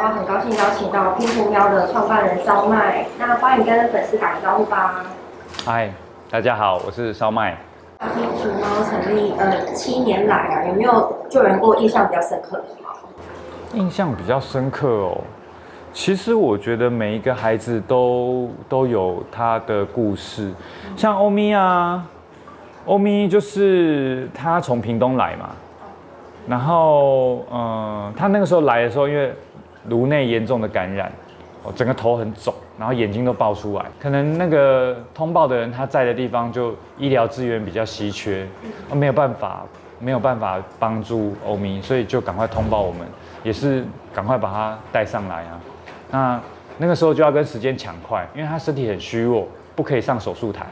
我很高興邀請到拼圖喵的創辦人燒賣，那歡迎跟粉絲打個招呼吧。嗨，大家好，我是燒賣。拼圖喵成立呃七年來啊，有沒有救援過印象比較深刻的貓？印象比較深刻哦，其實我覺得每一個孩子都都有他的故事，像歐咪啊，歐咪就是他從屏東來嘛，然後嗯、呃，他那個時候來的時候因為。顱內嚴重的感染，哦，整個頭很腫，然後眼睛都爆出來。可能那個通報的人他在的地方就醫療資源比較稀缺，沒有辦法，沒有辦法幫助歐咪，所以就趕快通報我們，也是趕快把他帶上來啊。那那個時候就要跟時間搶快，因為他身體很虛弱，不可以上手術台，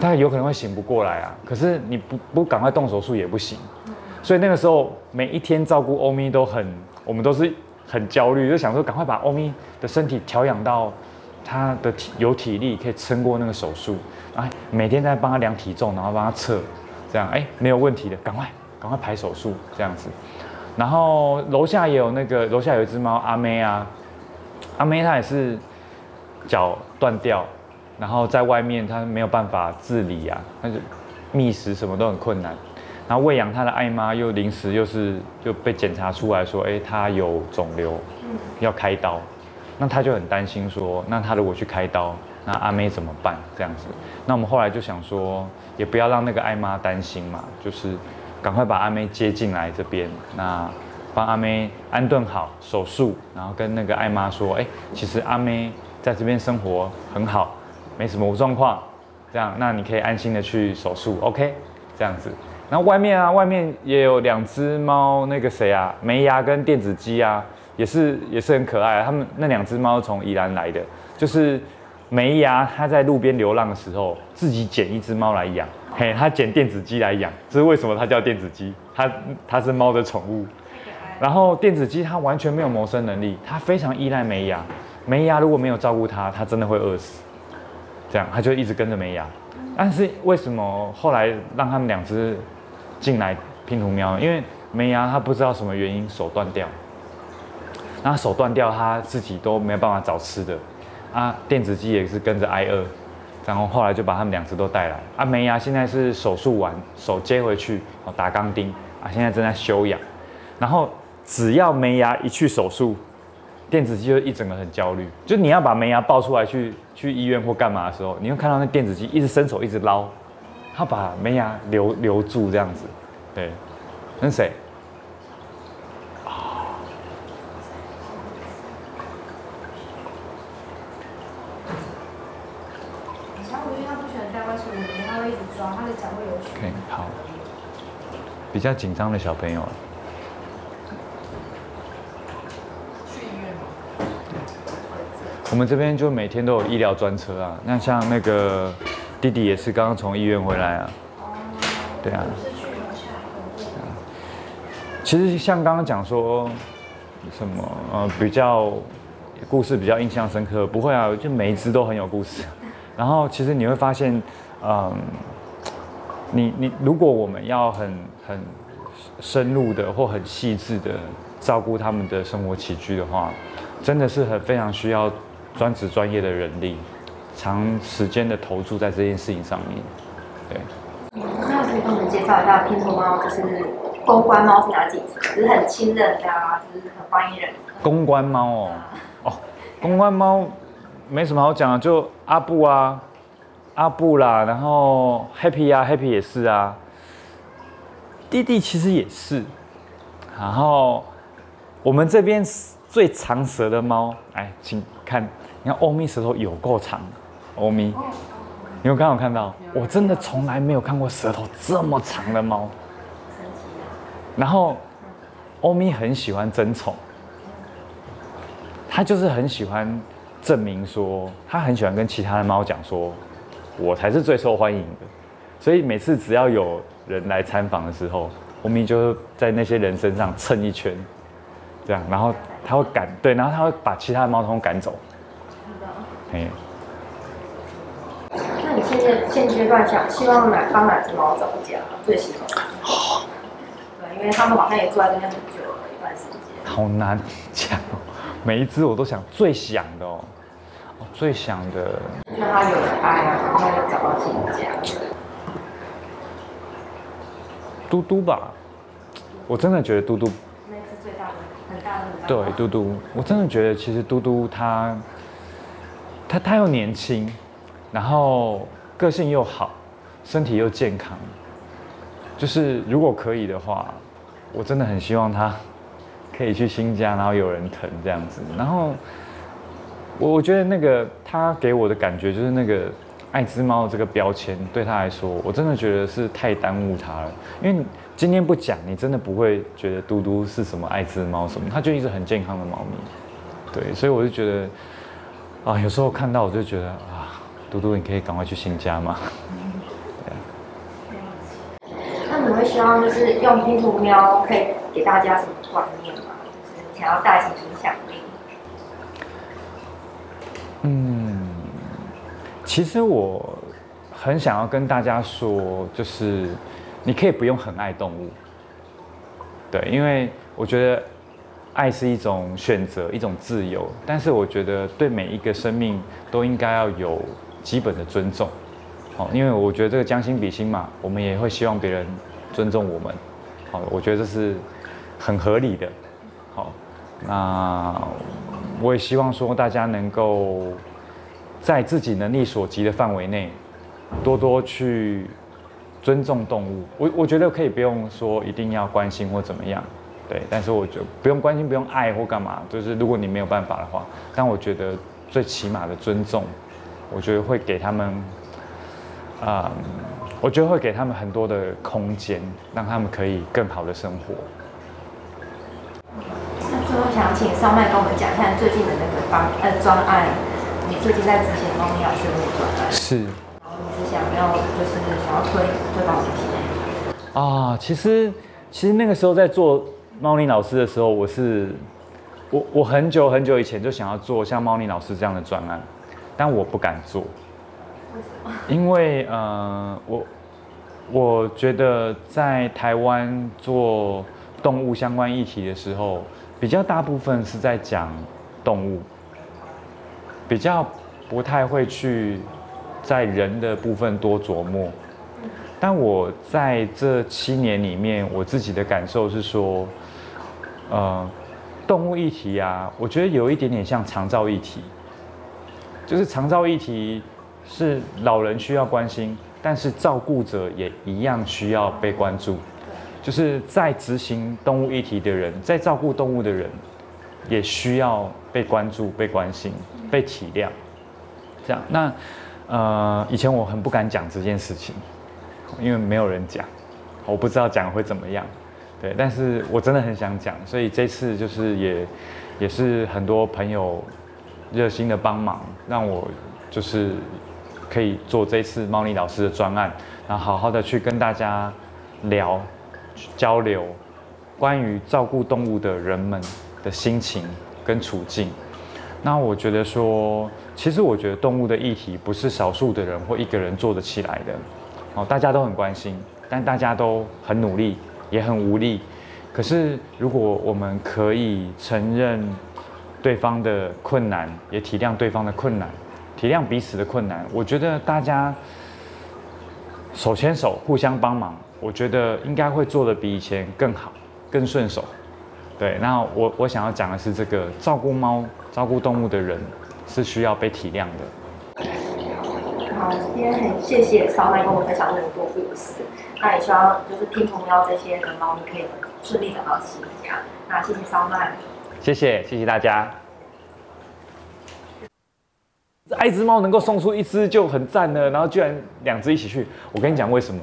他有可能會醒不過來啊。可是你不不趕快動手術也不行，所以那個時候每一天照顧歐咪都很，我們都是。很焦慮，就想說趕快把歐米的身體調養到他的體有體力，可以撐過那個手術。哎、啊，每天在幫他量體重，然後幫他測，這樣哎，沒有問題的，趕快趕快排手術這樣子。然後樓下也有那個樓下有一隻貓阿妹啊，阿妹她也是腳斷掉，然後在外面她沒有辦法自理啊，它就覓食什麼都很困難。然後餵養他的愛媽又臨時又是就被檢查出來說，誒，他有腫瘤，要開刀。那他就很擔心說，那他如果去開刀，那阿妹怎麼辦？這樣子。那我們後來就想說，也不要讓那個愛媽擔心嘛，就是趕快把阿妹接進來這邊，那幫阿妹安頓好手術，然後跟那個愛媽說，誒，其實阿妹在這邊生活很好，沒什麼狀況，這樣，那你可以安心的去手術，OK，這樣子。那外面啊，外面也有兩隻貓，那個誰啊，梅牙跟電子雞啊，也是也是很可愛啊。他們那兩隻貓從宜蘭來的，就是梅牙，它在路邊流浪的時候，自己撿一隻貓來養，好嘿，它撿電子雞來養，這是為什麼它叫電子雞？它它是貓的寵物。然後電子雞它完全沒有謀生能力，它非常依賴梅牙，梅牙如果沒有照顧它，它真的會餓死。這樣它就一直跟着梅牙，但是為什麼後來讓他們兩隻？進來拼圖喵，因為梅牙他不知道什麼原因手斷掉，那手斷掉他自己都沒有辦法找吃的，啊電子雞也是跟着挨餓，然後後來就把他們兩只都帶來，啊梅牙現在是手術完手接回去打鋼釘，啊現在正在休養，然後只要梅牙一去手術，電子雞就一整個很焦慮，就你要把梅牙抱出來去去醫院或幹嘛的時候，你會看到那電子雞一直伸手一直撈。他把門牙留留住，這樣子，對，那誰？以他不喜歡外出，他會一直抓，他的腳會有。可 以樂、okay, 好，比較緊張的小朋友。 我們這邊就每天都有醫療專車啊，那像那個。弟弟也是剛剛從醫院回來啊，對啊。其實像剛剛講說，什麼呃比較故事比較印象深刻？不會啊，就每一隻都很有故事。然後其實你會發現，嗯，你你如果我們要很很深入的或很細緻的照顧他們的生活起居的話，真的是很非常需要專職專業的人力。長時間的投注在這件事情上面，對。那可以給我們介紹一下拼圖貓，就是公關貓是哪幾隻？就是很親的家，就是很歡迎人。公關貓哦，哦，公關貓沒什麼好講的，就阿布啊，阿布啦，然後 Happy 啊，Happy 也是啊，弟弟其實也是。然後我們這邊最長舌的貓，哎，請看，你看歐米舌頭有夠長。歐咪，Omi, 哦、你有剛好看到？我真的從來沒有看過舌頭這麼長的貓。神奇啊、然後歐咪、嗯、很喜歡爭寵，嗯、他就是很喜歡證明說，他很喜歡跟其他的貓講說，我才是最受歡迎的。所以每次只要有人來參訪的時候，歐咪就在那些人身上蹭一圈，這樣，然後他會趕對，然後他會把其他的貓通通趕走。嗯現在階段想希望哪他哪隻貓找家，最喜歡，對，因為他們好像也住在這邊很久了一段時間。好難講，每一隻我都想最想的哦，最想的，讓他有人愛啊，讓他找到新家。嘟嘟吧，我真的覺得嘟嘟，那是最大的，很大的對，嘟嘟，我真的覺得其實嘟嘟它，它它又年輕，然後。個性又好，身體又健康，就是如果可以的話，我真的很希望他可以去新家，然後有人疼這樣子。然後我我覺得那個他給我的感覺，就是那個愛滋貓這個標籤對他來說，我真的覺得是太耽誤他了。因為今天不講，你真的不會覺得嘟嘟是什麼愛滋貓什麼，他就一隻很健康的貓咪。對，所以我就覺得啊，有時候看到我就覺得。嘟嘟，你可以趕快去新家嗎？嗯，對。那你會希望就是用“拼圖喵”可以給大家什麼觀念嗎？想要帶什麼影響力？嗯，其實我很想要跟大家說，就是你可以不用很愛動物。對，因為我覺得愛是一種選擇，一種自由。但是我覺得對每一個生命都應該要有基本的尊重，好，因為我覺得這個將心比心嘛，我們也會希望別人尊重我們，好，我覺得這是很合理的，好，那我也希望說大家能夠在自己能力所及的範圍內，多多去尊重動物。我我覺得可以不用說一定要關心或怎麼樣，對，但是我覺得不用關心、不用愛或幹嘛，就是如果你沒有辦法的話，但我覺得最起碼的尊重。我覺得會給他們，嗯，我覺得會給他們很多的空間，讓他們可以更好的生活。那最後想請燒賣跟我們講一下最近的那個方呃專案，你最近在執行貓咪老師的專案是？你是想要就是想要推推廣啊，其實其實那個時候在做貓咪老師的時候，我是我我很久很久以前就想要做像貓咪老師這樣的專案。但我不敢做，為什麼？因為呃，我我覺得在台灣做動物相關議題的時候，比較大部分是在講動物，比較不太會去在人的部分多琢磨。但我在這七年裡面，我自己的感受是說，呃，動物議題啊，我覺得有一點點像長照議題。就是長照議題是老人需要關心，但是照顧者也一樣需要被關注。就是在執行動物議題的人，在照顧動物的人，也需要被關注、被關心、被體諒。這樣，那呃，以前我很不敢講這件事情，因為沒有人講，我不知道講會怎麼樣。對，但是我真的很想講，所以這次就是也也是很多朋友。熱心的幫忙，讓我就是可以做這次貓尼老師的專案，然後好好的去跟大家聊交流關於照顧動物的人們的心情跟處境。那我覺得說，其實我覺得動物的議題不是少數的人或一個人做得起來的，哦，大家都很關心，但大家都很努力也很無力。可是如果我們可以承認。對方的困難，也體諒對方的困難，體諒彼此的困難。我覺得大家手牽手，互相幫忙，我覺得應該會做得比以前更好，更順手。對，那我我想要講的是，這個照顧貓、照顧動物的人是需要被體諒的。好，今天很謝謝燒賣跟我分享這麼多故事，那也希望就是拼圖喵這些的貓咪可以順利的到新家。那謝謝燒賣。謝謝，謝謝大家。愛一只貓能夠送出一只就很讚了，然後居然兩只一起去，我跟你講為什麼？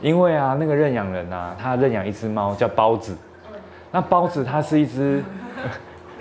因為啊，那個認養人啊，他認養一只貓叫包子，嗯、那包子它是一只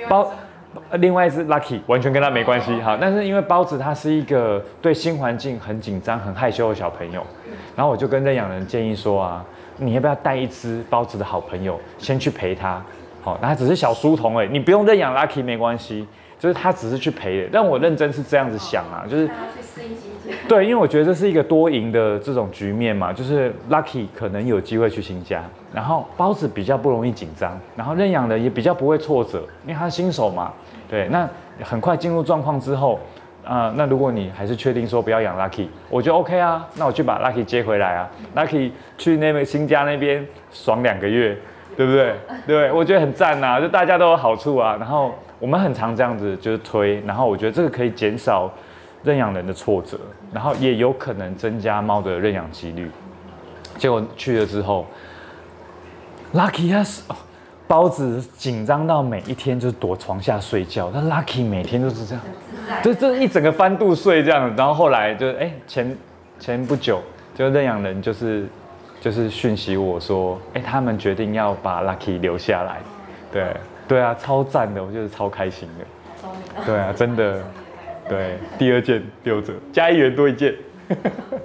包，嗯呃、另外一只 Lucky 完全跟他沒關係。好，嗯、但是因為包子它是一個對新環境很緊張、很害羞的小朋友，嗯、然後我就跟認養人建議說啊，你要不要帶一只包子的好朋友先去陪他？好，那、哦、只是小書童哎、欸，你不用認養 Lucky 沒關係，就是他只是去陪的、欸。但我認真是這樣子想啊，就是去適應新家。對，因為我覺得這是一個多贏的這種局面嘛，就是 Lucky 可能有機會去新家，然後包子比較不容易緊張，然後認養的也比較不會挫折，因為他是新手嘛。對，那很快進入狀況之後、呃，那如果你還是確定說不要養 Lucky，我就 OK 啊，那我去把 Lucky 接回來啊、嗯、Lucky 去那位新家那邊爽兩個月。對不對？對，我覺得很讚啊。就大家都有好處啊。然後我們很常這樣子就是推，然後我覺得這個可以減少認養人的挫折，然後也有可能增加貓的認養幾率。結果去了之後，Lucky us 哦，包子緊張到每一天就是躲床下睡覺，但 Lucky 每天都是這樣，這這一整個翻肚睡這樣子。然後後來就是哎，前前不久就認養人就是。就是訊息我說，哎、欸，他們決定要把 Lucky 留下來，對，對啊，超讚的，我就是超開心的，對啊，真的，對，第二件六折，加一元多一件。呵呵